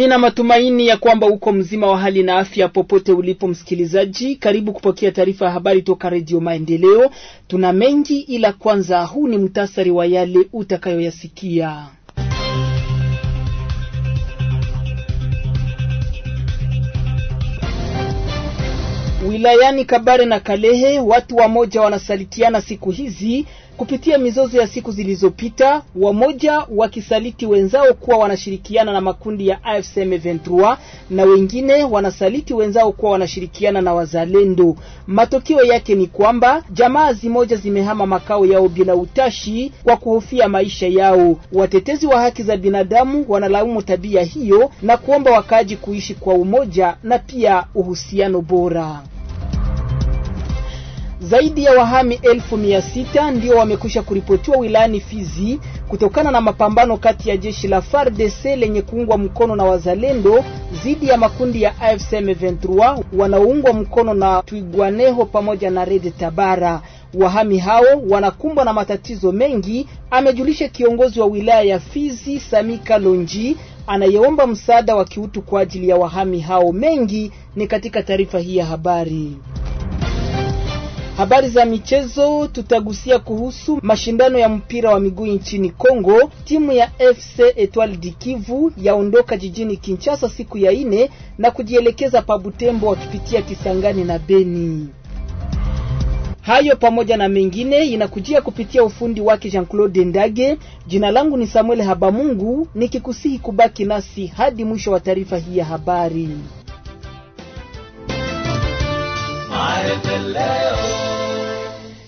Nina matumaini ya kwamba uko mzima wa hali na afya popote ulipo, msikilizaji. Karibu kupokea taarifa ya habari toka Redio Maendeleo. Tuna mengi, ila kwanza, huu ni mtasari wa yale utakayoyasikia. Wilayani Kabare na Kalehe, watu wamoja wanasalitiana siku hizi Kupitia mizozo ya siku zilizopita, wamoja wakisaliti wenzao kuwa wanashirikiana na makundi ya AFC M23 na wengine wanasaliti wenzao kuwa wanashirikiana na wazalendo. Matokeo yake ni kwamba jamaa zimoja zimehama makao yao bila utashi kwa kuhofia maisha yao. Watetezi wa haki za binadamu wanalaumu tabia hiyo na kuomba wakaaji kuishi kwa umoja na pia uhusiano bora. Zaidi ya wahami elfu mia sita ndio wamekwisha kuripotiwa wilayani Fizi kutokana na mapambano kati ya jeshi la FARDC lenye kuungwa mkono na wazalendo dhidi ya makundi ya AFC M23 wanaoungwa mkono na Twigwaneho pamoja na Red Tabara. Wahami hao wanakumbwa na matatizo mengi, amejulisha kiongozi wa wilaya ya Fizi Sami Kalonji anayeomba msaada wa kiutu kwa ajili ya wahami hao. Mengi ni katika taarifa hii ya habari. Habari za michezo, tutagusia kuhusu mashindano ya mpira wa miguu nchini Kongo. Timu ya FC Etoile du Kivu yaondoka jijini Kinshasa siku ya ine na kujielekeza pa Butembo wakipitia Kisangani na Beni. Hayo pamoja na mengine inakujia kupitia ufundi wake Jean-Claude Ndage. Jina langu ni Samuel Habamungu, nikikusihi kubaki nasi hadi mwisho wa taarifa hii ya habari.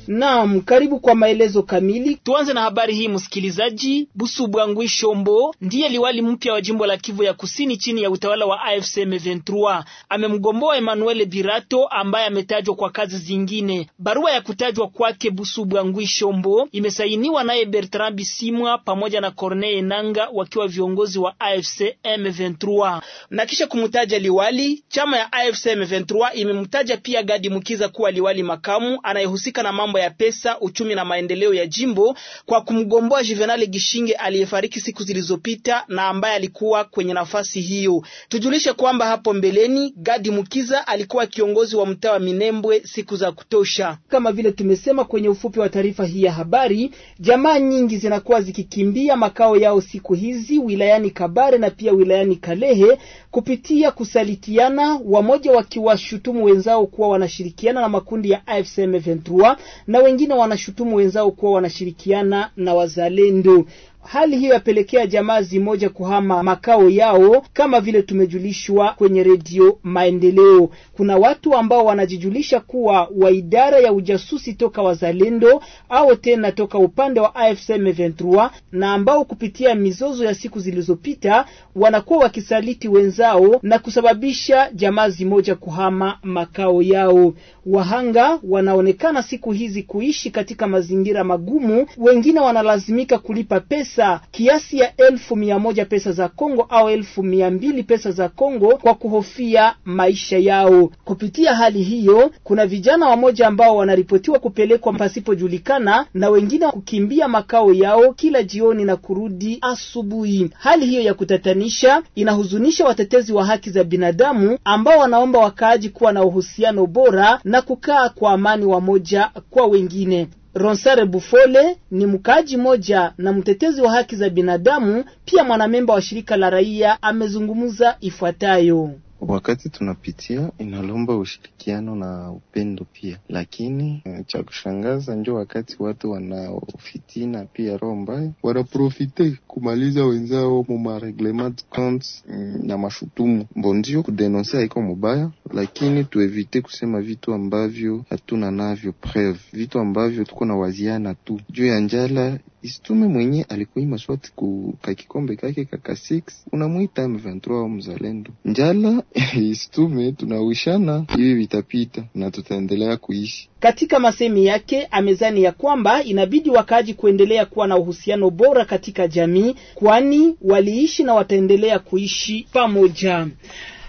Naam, karibu kwa maelezo kamili. Tuanze na habari hii msikilizaji. Busubwangwi Shombo ndiye liwali mpya wa jimbo la Kivu ya Kusini chini ya utawala wa AFC M23. Amemgomboa Emmanuel Birato ambaye ametajwa kwa kazi zingine. Barua ya kutajwa kwake Busubwangwi Shombo imesainiwa naye Bertrand Bisimwa pamoja na Corneille nanga wakiwa viongozi wa AFC M23. Na kisha kumtaja liwali, chama ya AFC M23 imemtaja pia Gadi Mukiza kuwa liwali makamu anayehusika na mambo mambo ya pesa, uchumi na maendeleo ya jimbo kwa kumgomboa Juvenal Gishinge aliyefariki siku zilizopita na ambaye alikuwa kwenye nafasi hiyo. Tujulishe kwamba hapo mbeleni Gadi Mukiza alikuwa kiongozi wa mtaa wa Minembwe siku za kutosha. Kama vile tumesema kwenye ufupi wa taarifa hii ya habari, jamaa nyingi zinakuwa zikikimbia makao yao siku hizi wilayani Kabare na pia wilayani Kalehe kupitia kusalitiana, wamoja wakiwashutumu wenzao kuwa wanashirikiana na makundi ya AFC M23 na wengine wanashutumu wenzao kuwa wanashirikiana na wazalendo. Hali hiyo yapelekea jamaa zimoja kuhama makao yao, kama vile tumejulishwa kwenye redio Maendeleo. Kuna watu ambao wanajijulisha kuwa wa idara ya ujasusi toka Wazalendo au tena toka upande wa AFC M23, na ambao kupitia mizozo ya siku zilizopita wanakuwa wakisaliti wenzao na kusababisha jamaa zimoja kuhama makao yao. Wahanga wanaonekana siku hizi kuishi katika mazingira magumu, wengine wanalazimika kulipa pesa pesa kiasi ya elfu mia moja pesa za Kongo au elfu mia mbili pesa za Kongo kwa kuhofia maisha yao. Kupitia hali hiyo, kuna vijana wamoja ambao wanaripotiwa kupelekwa pasipojulikana na wengine kukimbia makao yao kila jioni na kurudi asubuhi. Hali hiyo ya kutatanisha inahuzunisha watetezi wa haki za binadamu ambao wanaomba wakaaji kuwa na uhusiano bora na kukaa kwa amani wamoja kwa wengine. Ronsare Bufole ni mkaaji moja na mtetezi wa haki za binadamu, pia mwanamemba wa shirika la raia, amezungumza ifuatayo wakati tunapitia inalomba ushirikiano na upendo pia, lakini eh, cha kushangaza njo wakati watu wanaofitina pia roho mbaya wanaprofite kumaliza wenzao mu mareglement de compte mm, na mashutumu mbo, ndio kudenonse haiko mubaya, lakini tuevite kusema vitu ambavyo hatuna navyo preve, vitu ambavyo tuko na waziana tu juu ya njala Isitume mwenye alikuima swati ku kakikombe kake kaka 6 unamwita M23 au mzalendo njala. Isitume tunawishana, hivi vitapita na tutaendelea kuishi. Katika masemi yake amezani ya kwamba inabidi wakaaji kuendelea kuwa na uhusiano bora katika jamii, kwani waliishi na wataendelea kuishi pamoja.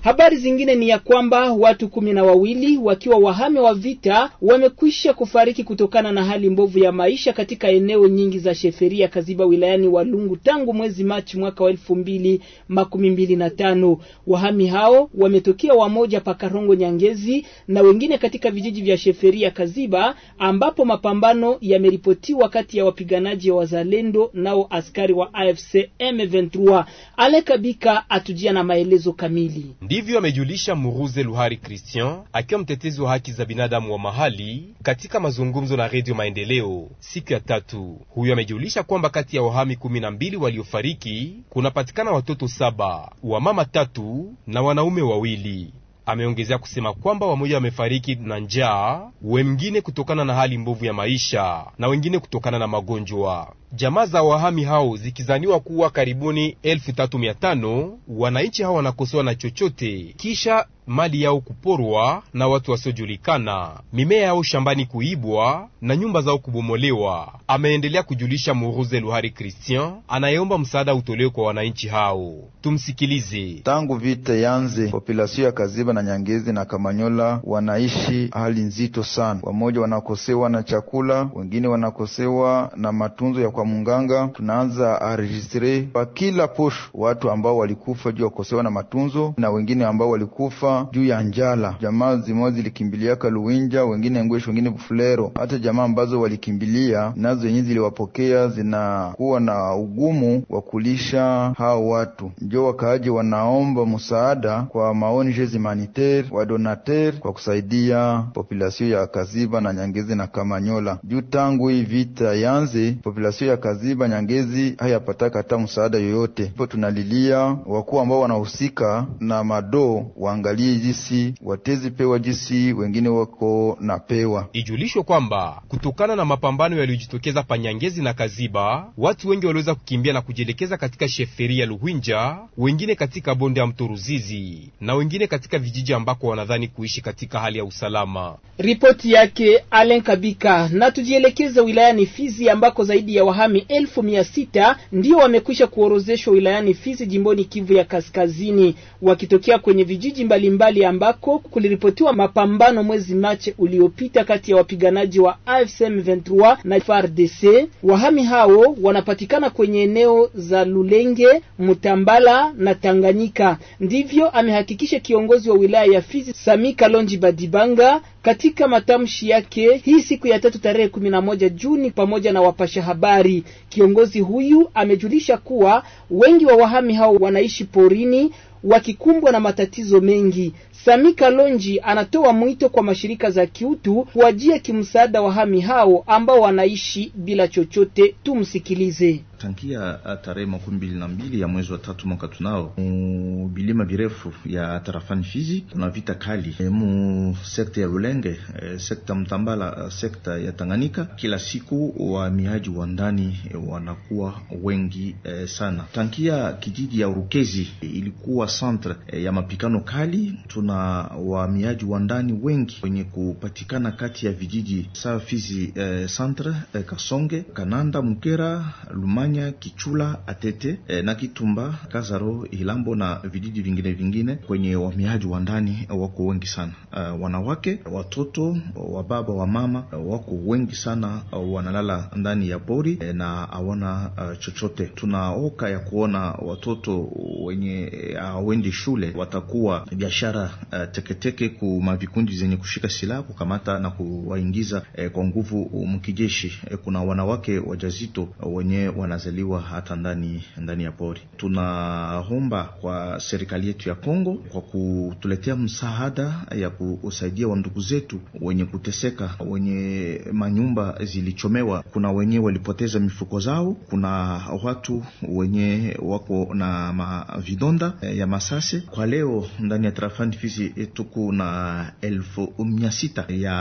Habari zingine ni ya kwamba watu kumi na wawili wakiwa wahame wa vita wamekwisha kufariki kutokana na hali mbovu ya maisha katika eneo nyingi za Sheferia Kaziba wilayani Walungu tangu mwezi Machi mwaka wa elfu mbili makumi mbili na tano. Wahami hao wametokea wamoja pakarongo Nyangezi na wengine katika vijiji vya Sheferia Kaziba ambapo mapambano yameripotiwa kati ya wapiganaji wa wazalendo nao askari wa AFC M23. Alekabika atujia na maelezo kamili. Ndivyo amejulisha Muruze Luhari Christian akiwa mtetezi wa haki za binadamu wa mahali katika mazungumzo na Redio Maendeleo siku ya tatu. Huyo amejulisha kwamba kati ya wahami kumi na mbili waliofariki kunapatikana watoto saba, mama tatu na wanaume wawili. Ameongezea kusema kwamba wamoja wamefariki na njaa, wengine kutokana na hali mbovu ya maisha na wengine kutokana na magonjwa. Jamaa za wahami hao zikizaniwa kuwa karibuni 3500 Wananchi hao wanakosewa na chochote, kisha mali yao kuporwa na watu wasiojulikana, mimea yao shambani kuibwa na nyumba zao kubomolewa. Ameendelea kujulisha Muruze Luhari Christian, anayeomba msaada utolewe kwa wananchi hao. Tumsikilize. Tangu vita yanze, populasio ya Kaziba na Nyangezi na Kamanyola wanaishi hali nzito sana. Wamoja wanakosewa na chakula, wengine wanakosewa na matunzo ya kwa kwa munganga, tunaanza aregistre kwa kila posho watu ambao walikufa juu ya kukosewa na matunzo na wengine ambao walikufa juu ya njala. Jamaa zimoja zilikimbiliaka Luwinja, wengine ngwesh wengine Bufulero. Hata jamaa ambazo walikimbilia nazo yenyewe ziliwapokea zinakuwa na ugumu wa kulisha hao watu, njo wakaaji wanaomba msaada kwa maonje humanitaire wa donateur kwa kusaidia population ya Kaziba na Nyangezi na Kamanyola juu tangu hii vita yanze population ya Kaziba Nyangezi hayapataka hata msaada yoyote. Hivyo tunalilia wakuu ambao wanahusika na madoo waangalie jisi watezi pewa jisi wengine wako na pewa. Ijulishwe kwamba kutokana na mapambano yaliyojitokeza panyangezi na Kaziba, watu wengi waliweza kukimbia na kujielekeza katika sheferi ya Luhinja, wengine katika bonde ya mto Ruzizi na wengine katika vijiji ambako wanadhani kuishi katika hali ya usalama. Ripoti yake Alen Kabika. Na tujielekeze wilayani Fizi ambako zaidi ya wahami elfu mia sita ndio wamekwisha kuorozeshwa wilayani Fizi jimboni Kivu ya Kaskazini wakitokea kwenye vijiji mbalimbali mbali ambako kuliripotiwa mapambano mwezi Machi uliopita kati ya wapiganaji wa AFC M23 na FARDC. Wahami hao wanapatikana kwenye eneo za Lulenge, Mutambala na Tanganyika. Ndivyo amehakikisha kiongozi wa wilaya ya Fizi Sami Kalonji Badibanga katika matamshi yake hii siku ya tatu tarehe moja Juni pamoja na wapasha habari hatari. Kiongozi huyu amejulisha kuwa wengi wa wahami hao wanaishi porini wakikumbwa na matatizo mengi. Sami Kalonji anatoa mwito kwa mashirika za kiutu kuajia kimsaada wahami hao ambao wanaishi bila chochote. Tumsikilize. Tangia uh, tarehe makumi mbili na mbili ya mwezi wa tatu mwaka tunao bilima virefu ya tarafani Fizi kuna vita kali eh, mu sekta ya Lulenge, eh, sekta Mtambala, uh, sekta ya Tanganyika. Kila siku wahamiaji wa ndani eh, wanakuwa wengi sana. Tangia kijiji ya Urukezi ilikuwa centre eh, ya mapikano kali, tuna wahamiaji wa ndani wengi wenye kupatikana kati ya vijiji saa Fizi eh, centre eh, Kasonge, Kananda, Mukera, Lumanya, Kichula, Atete eh, na Kitumba, Kazaro, Ilambo na vijiji vingine vingine. Kwenye wahamiaji wa ndani wako wengi sana eh, wanawake, watoto, wa baba, wa mama wako wengi sana, wanalala ndani ya pori eh, na hawana eh, chochote. Tunaoka ya kuona watoto wenye eh, hawendi shule watakuwa biashara uh, teketeke kuma vikundi zenye kushika silaha kukamata na kuwaingiza eh, kwa nguvu mkijeshi. Eh, kuna wanawake wajazito wenye wanazaliwa hata ndani ndani ya pori. Tunaomba kwa serikali yetu ya Kongo kwa kutuletea msaada eh, ya kusaidia wandugu zetu wenye kuteseka, wenye manyumba zilichomewa, kuna wenye walipoteza mifuko zao, kuna watu wenye wako na mavidonda eh, ya Masasi. Kwa leo ndani ya tarafa Fizi eh, tuko na elfu mia sita ya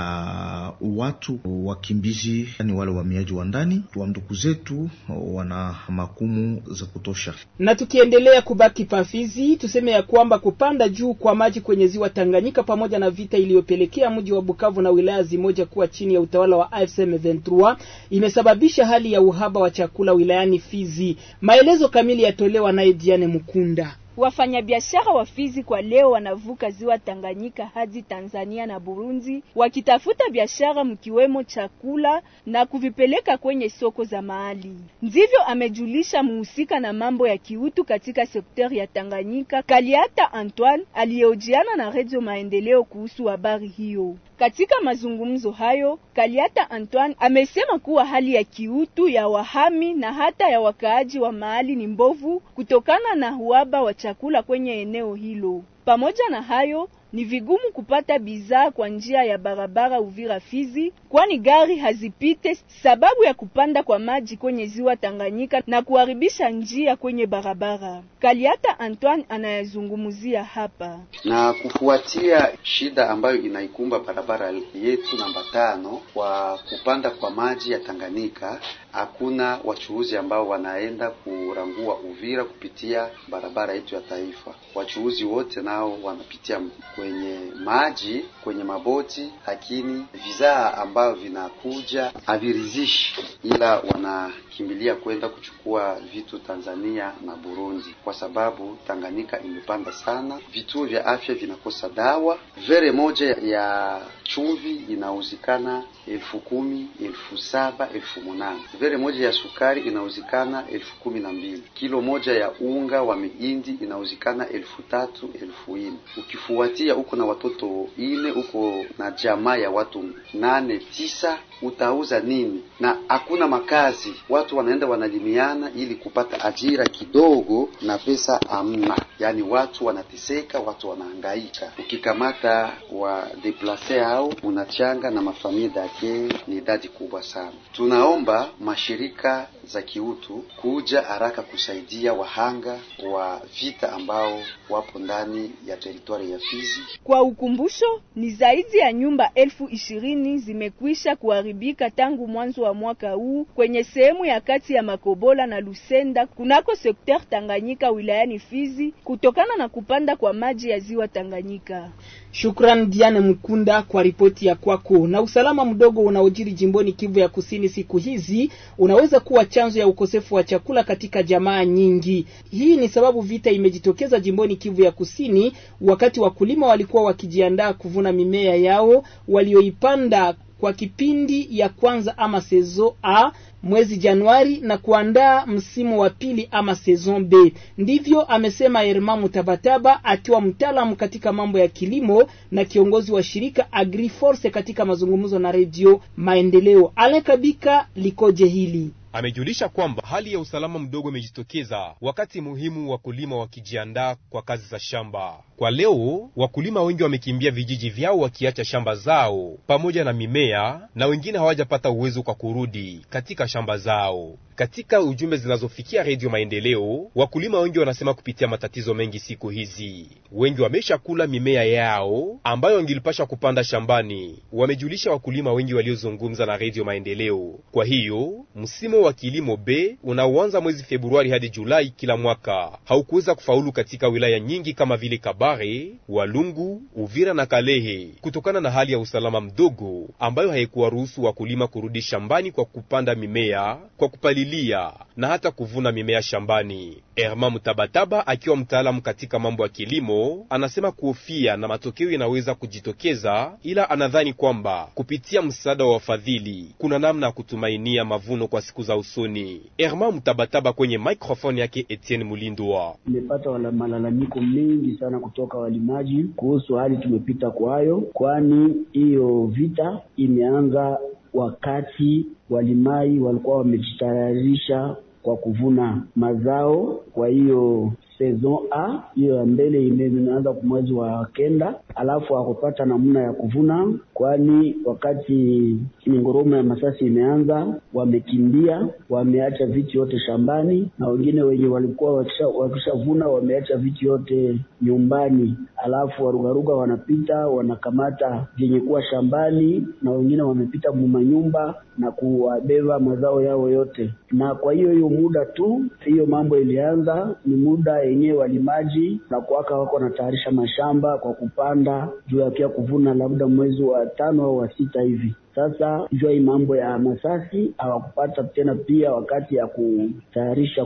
watu wakimbizi, yani wale wahamiaji wa ndani wa ndugu zetu, wana makumu za kutosha. Na tukiendelea kubaki pafizi, tuseme ya kwamba kupanda juu kwa maji kwenye ziwa Tanganyika pamoja na vita iliyopelekea mji wa Bukavu na wilaya zimoja kuwa chini ya utawala wa AFC M23 imesababisha hali ya uhaba wa chakula wilayani Fizi. Maelezo kamili yatolewa naye Diane Mkunda. Wafanyabiashara wa Fizi kwa leo wanavuka ziwa Tanganyika hadi Tanzania na Burundi wakitafuta biashara mkiwemo chakula na kuvipeleka kwenye soko za mahali. Ndivyo amejulisha muhusika na mambo ya kiutu katika sekteri ya Tanganyika, Kaliata Antoine, aliyehojiana na Radio Maendeleo kuhusu habari hiyo. Katika mazungumzo hayo, Kaliata Antoine amesema kuwa hali ya kiutu ya wahami na hata ya wakaaji wa mahali ni mbovu kutokana na uhaba wa chakula kwenye eneo hilo. Pamoja na hayo, ni vigumu kupata bidhaa kwa njia ya barabara Uvira Fizi, kwani gari hazipite sababu ya kupanda kwa maji kwenye ziwa Tanganyika na kuharibisha njia kwenye barabara. Kaliata Antoine anayazungumzia hapa. Na kufuatia shida ambayo inaikumba barabara yetu namba tano kwa kupanda kwa maji ya Tanganyika hakuna wachuuzi ambao wanaenda kurangua Uvira kupitia barabara yetu ya taifa. Wachuuzi wote nao wanapitia kwenye maji, kwenye maboti, lakini vizaa ambayo vinakuja havirizishi ila wanakimbilia kwenda kuchukua vitu Tanzania na Burundi, kwa sababu Tanganyika imepanda sana. Vituo vya afya vinakosa dawa, vere moja ya chumvi inauzikana elfu kumi, elfu saba, elfu munane. Vere moja ya sukari inauzikana elfu kumi na mbili. Kilo moja ya unga wa mihindi inauzikana elfu tatu, elfu ine. Ukifuatia uko na watoto ine, uko na jamaa ya watu nane, tisa utauza nini? Na hakuna makazi, watu wanaenda wanalimiana ili kupata ajira kidogo, na pesa hamna. Yaani watu wanateseka, watu wanahangaika. Ukikamata wa deplase au unachanga na mafamilia dake, ni idadi kubwa sana. Tunaomba mashirika za kiutu kuja haraka kusaidia wahanga wa vita ambao wapo ndani ya teritwari ya Fizi. Kwa ukumbusho, ni zaidi ya nyumba elfu ishirini zimekwisha kuharibika tangu mwanzo wa mwaka huu kwenye sehemu ya kati ya Makobola na Lusenda kunako sekter Tanganyika wilayani Fizi kutokana na kupanda kwa maji ya ziwa Tanganyika. Shukran Diane Mkunda kwa ripoti ya kwako. Na usalama mdogo unaojiri jimboni Kivu ya Kusini siku hizi unaweza kuwa chanzo ya ukosefu wa chakula katika jamaa nyingi. Hii ni sababu vita imejitokeza jimboni Kivu ya Kusini wakati wakulima walikuwa wakijiandaa kuvuna mimea yao walioipanda kwa kipindi ya kwanza ama sezo A mwezi Januari na kuandaa msimu wa pili ama sezon B. Ndivyo amesema Herman Mutabataba akiwa mtaalamu katika mambo ya kilimo na kiongozi wa shirika Agriforce katika mazungumzo na redio Maendeleo. Alan Kabika likoje hili amejulisha kwamba hali ya usalama mdogo imejitokeza wakati muhimu wakulima wakijiandaa kwa kazi za shamba. Kwa leo wakulima wengi wamekimbia vijiji vyao wakiacha shamba zao pamoja na mimea, na wengine hawajapata uwezo kwa kurudi katika shamba zao. Katika ujumbe zinazofikia Redio Maendeleo, wakulima wengi wanasema kupitia matatizo mengi siku hizi. Wengi wameshakula mimea yao ambayo wangilipasha kupanda shambani, wamejulisha wakulima wengi waliozungumza na Redio Maendeleo. Kwa hiyo msimu wa kilimo B unaoanza mwezi Februari hadi Julai kila mwaka haukuweza kufaulu katika wilaya nyingi kama vile Kabare, Walungu, Uvira na Kalehe kutokana na hali ya usalama mdogo ambayo haikuwaruhusu wakulima kurudi shambani kwa kupanda mimea, kwa kupalilia na hata kuvuna mimea shambani. Erma Mutabataba akiwa mtaalamu katika mambo ya kilimo anasema kuhofia na matokeo yanaweza kujitokeza, ila anadhani kwamba kupitia msaada wa wafadhili kuna namna ya kutumainia mavuno kwa siku za za usoni. Herman Mtabataba kwenye microphone yake Etienne Mulindwa. Tumepata malalamiko mengi sana kutoka walimaji kuhusu hali tumepita kwayo, kwani hiyo vita imeanza wakati walimai walikuwa wamejitayarisha kwa kuvuna mazao. Kwa hiyo saison A hiyo ya mbele imeanza kwa mwezi wa kenda, alafu akupata namna ya kuvuna, kwani wakati mingoromo ya masasi imeanza, wamekimbia wameacha vitu yote shambani, na wengine wenye walikuwa wakishavuna wameacha vitu yote nyumbani, alafu warugaruga wanapita wanakamata vyenye kuwa shambani, na wengine wamepita mumanyumba na kuwabeba mazao yao yote. Na kwa hiyo hiyo muda tu hiyo mambo ilianza, ni muda yenyewe walimaji na kuaka wako wanatayarisha mashamba kwa kupanda juu yakia kuvuna labda mwezi wa tano au wa sita hivi. Sasa jua hii mambo ya masasi hawakupata tena pia wakati ya kutayarisha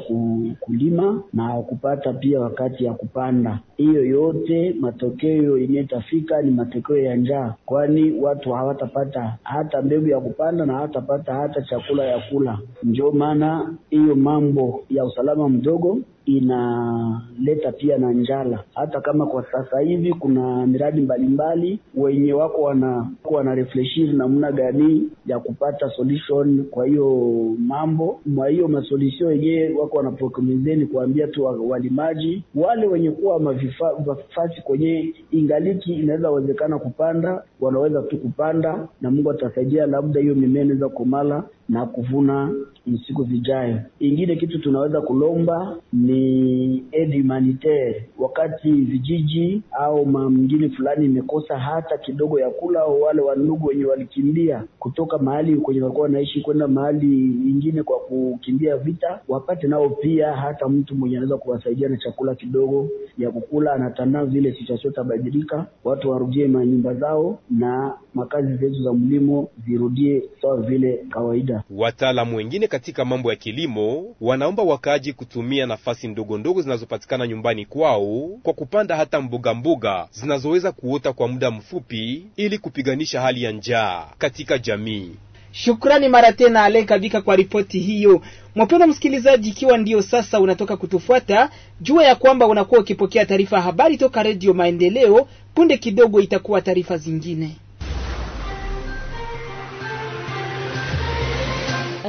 kulima na hawakupata pia wakati ya kupanda. Hiyo yote matokeo yenye itafika ni matokeo ya njaa, kwani watu hawatapata hata mbegu ya kupanda na hawatapata hata chakula ya kula. Ndio maana hiyo mambo ya usalama mdogo inaleta pia na njala, hata kama kwa sasa hivi kuna miradi mbalimbali mbali, wenye wako wana wana refleshir namna gani ya kupata solution kwa hiyo mambo. Mwa hiyo masolution yenyewe wako wanaprokomizeni kuambia tu walimaji wale wenye kuwa mavifasi kwenye ingaliki inaweza wezekana kupanda, wanaweza tu kupanda na Mungu atasaidia, labda hiyo mimea inaweza kumala na kuvuna msiku vijayo Ingine kitu tunaweza kulomba ni aid humanitaire, wakati vijiji au mamngine fulani imekosa hata kidogo ya kula, au wale wandugu wenye walikimbia kutoka mahali kwenye walikuwa wanaishi kwenda mahali ingine kwa kukimbia vita, wapate nao pia hata mtu mwenye anaweza kuwasaidia na chakula kidogo ya kukula, anatandaa vile sichasiotabadilika, watu warudie manyumba zao na makazi zetu za mlimo zirudie sawa vile kawaida kuendelea. Wataalamu wengine katika mambo ya kilimo wanaomba wakaaji kutumia nafasi ndogo ndogo zinazopatikana nyumbani kwao kwa kupanda hata mboga mboga zinazoweza kuota kwa muda mfupi ili kupiganisha hali ya njaa katika jamii. Shukrani mara tena Ale Kavika kwa ripoti hiyo. Mwapendo msikilizaji, ikiwa ndio sasa unatoka kutufuata, jua ya kwamba unakuwa ukipokea taarifa habari toka Redio Maendeleo. Punde kidogo itakuwa taarifa zingine.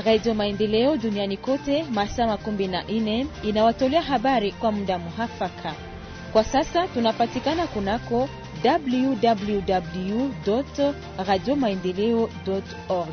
Radio Maendeleo duniani kote masaa makumi na inawatolea habari kwa muda muhafaka. Kwa sasa tunapatikana kunako www radio maendeleo org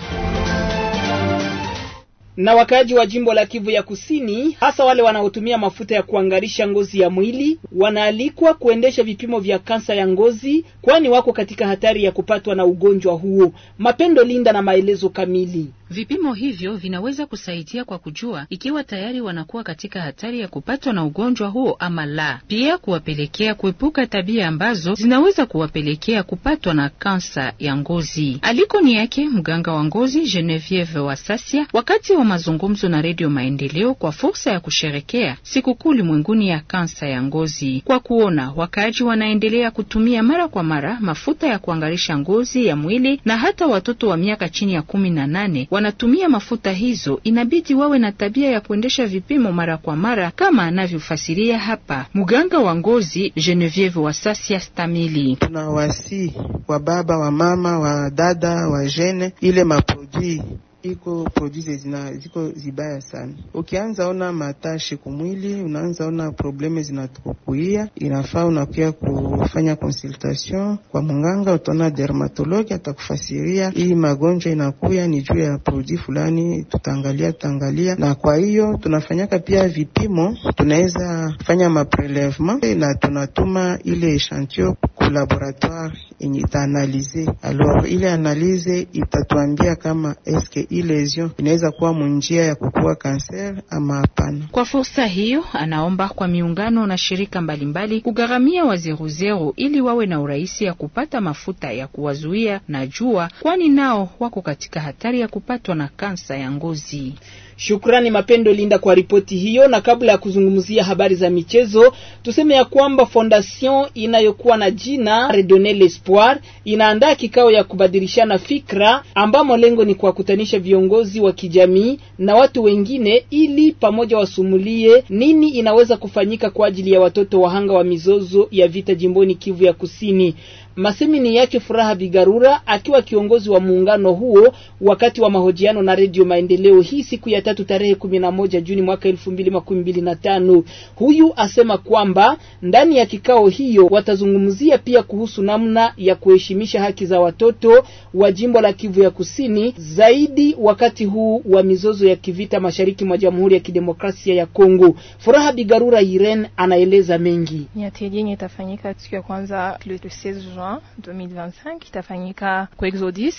na wakaaji wa jimbo la Kivu ya Kusini, hasa wale wanaotumia mafuta ya kuangarisha ngozi ya mwili wanaalikwa kuendesha vipimo vya kansa ya ngozi, kwani wako katika hatari ya kupatwa na ugonjwa huo. Mapendo Linda na maelezo kamili. Vipimo hivyo vinaweza kusaidia kwa kujua ikiwa tayari wanakuwa katika hatari ya kupatwa na ugonjwa huo ama la, pia kuwapelekea kuepuka tabia ambazo zinaweza kuwapelekea kupatwa na kansa ya ngozi. Aliko ni yake mganga wa ngozi Genevieve Wasasia wakati wa mazungumzo na Redio Maendeleo kwa fursa ya kusherekea sikukuu ulimwenguni ya kansa ya ngozi, kwa kuona wakaaji wanaendelea kutumia mara kwa mara mafuta ya kuangarisha ngozi ya mwili na hata watoto wa miaka chini ya kumi na nane wanatumia mafuta hizo, inabidi wawe na tabia ya kuendesha vipimo mara kwa mara, kama anavyofasiria hapa mganga wa ngozi Genevieve Wasasia Stamili. tuna wasi wa baba wa mama wa dada wa jene ile maprodui iko produce zina ziko zibaya sana. Ukianza ona matashi kumwili, unaanza ona probleme zinatukukuia, inafaa unakuya kufanya consultation kwa munganga, utaona dermatologi atakufasiria hii magonjwa inakuya ni juu ya produit fulani, tutaangalia tutaangalia. Na kwa hiyo tunafanyaka pia vipimo, tunaweza fanya maprelevement na tunatuma ile echantio ku laboratoire yenye itaanalize. Alors ile analize itatuambia kama eske hii lesion inaweza kuwa munjia ya kukua kanser ama hapana. Kwa fursa hiyo, anaomba kwa miungano na shirika mbalimbali kugharamia wazeruzeru ili wawe na urahisi ya kupata mafuta ya kuwazuia na jua, kwani nao wako katika hatari ya kupatwa na kansa ya ngozi. Shukrani Mapendo Linda kwa ripoti hiyo, na kabla ya kuzungumzia habari za michezo, tuseme ya kwamba fondation inayokuwa na jina Redonner l'Espoir inaandaa kikao ya kubadilishana fikra ambamo lengo ni kuwakutanisha viongozi wa kijamii na watu wengine ili pamoja wasumulie nini inaweza kufanyika kwa ajili ya watoto wahanga wa mizozo ya vita jimboni Kivu ya Kusini. Masemini yake Furaha Bigarura akiwa kiongozi wa muungano huo wakati wa mahojiano na Redio Maendeleo hii siku ya tatu tarehe 11 Juni mwaka 2025. Huyu asema kwamba ndani ya kikao hiyo watazungumzia pia kuhusu namna ya kuheshimisha haki za watoto wa jimbo la Kivu ya Kusini zaidi wakati huu wa mizozo ya kivita mashariki mwa Jamhuri ya Kidemokrasia ya Kongo. Furaha Bigarura Irene anaeleza mengi. Nyati yenyewe itafanyika siku ya kwanza le 16 mois 2025 itafanyika ku Exodus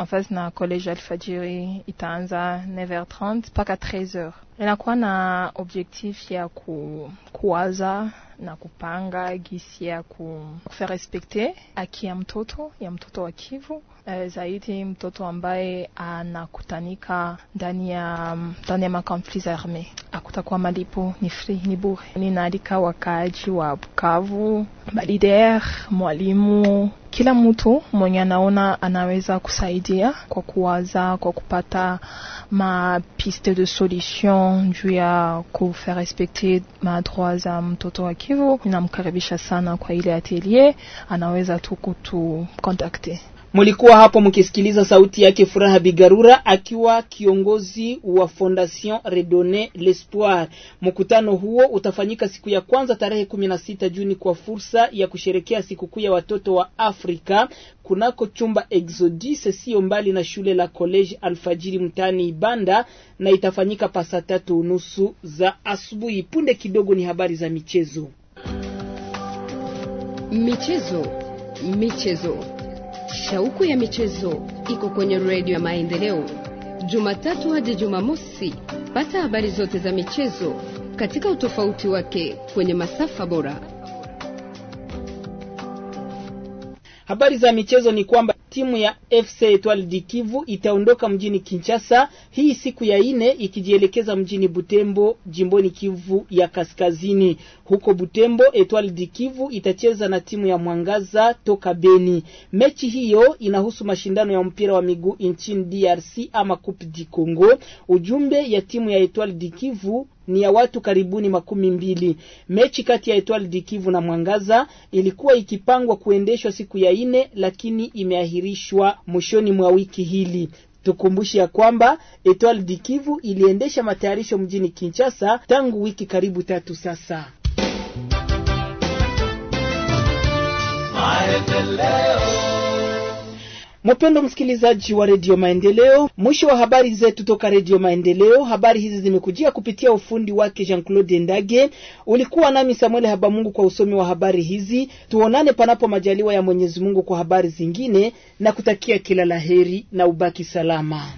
en face na college alfajiri, itaanza 9h30 mpaka 13h. Inakuwa na objectif ya ku, kuwaza na kupanga gisi ya kufa respekte aki ya mtoto ya mtoto wa Kivu e, zaidi mtoto ambaye anakutanika ndani ya ndani ya makonfli za arme akutakuwa malipo ni free ni bure. Ninaalika wakaaji wa Bukavu, balider mwalimu kila mtu mwenye anaona anaweza kusaidia kwa kuwaza, kwa kupata ma piste de solution je vais faire respecter ma Toto Toto wa Kivu. Namkaribisha sana kwa ile atelier, anaweza tu tout Mulikuwa hapo mkisikiliza sauti yake Furaha Bigarura akiwa kiongozi wa Fondation Redonner l'Espoir. Mkutano huo utafanyika siku ya kwanza tarehe 16 Juni kwa fursa ya kusherekea sikukuu ya watoto wa Afrika kunako chumba Exodus sio mbali na shule la College Alfajiri mtaani Ibanda na itafanyika pasa tatu unusu za asubuhi. Punde kidogo ni habari za michezo. Michezo, michezo Shauku ya michezo iko kwenye redio ya Maendeleo, Jumatatu hadi Jumamosi. Pata habari zote za michezo katika utofauti wake kwenye masafa bora. Habari za michezo ni kwamba timu ya FC Etoile du Kivu itaondoka mjini Kinshasa hii siku ya ine ikijielekeza mjini Butembo jimboni Kivu ya Kaskazini. Huko Butembo, Etoile du Kivu itacheza na timu ya Mwangaza toka Beni. Mechi hiyo inahusu mashindano ya mpira wa miguu nchini DRC ama Coupe du Congo. Ujumbe ya timu ya Etoile du Kivu ni ya watu karibuni makumi mbili. Mechi kati ya Etoile du Kivu na Mwangaza ilikuwa ikipangwa kuendeshwa siku ya ine, lakini imeahirishwa mwishoni mwa wiki hili. Tukumbushi ya kwamba Etoile du Kivu iliendesha matayarisho mjini Kinshasa tangu wiki karibu tatu sasa. Mpendo msikilizaji wa Redio Maendeleo, mwisho wa habari zetu toka Redio Maendeleo. Habari hizi zimekujia kupitia ufundi wake Jean Claude Ndage. Ulikuwa nami Samuel Habamungu kwa usomi wa habari hizi. Tuonane panapo majaliwa ya Mwenyezi Mungu kwa habari zingine, na kutakia kila laheri na ubaki salama.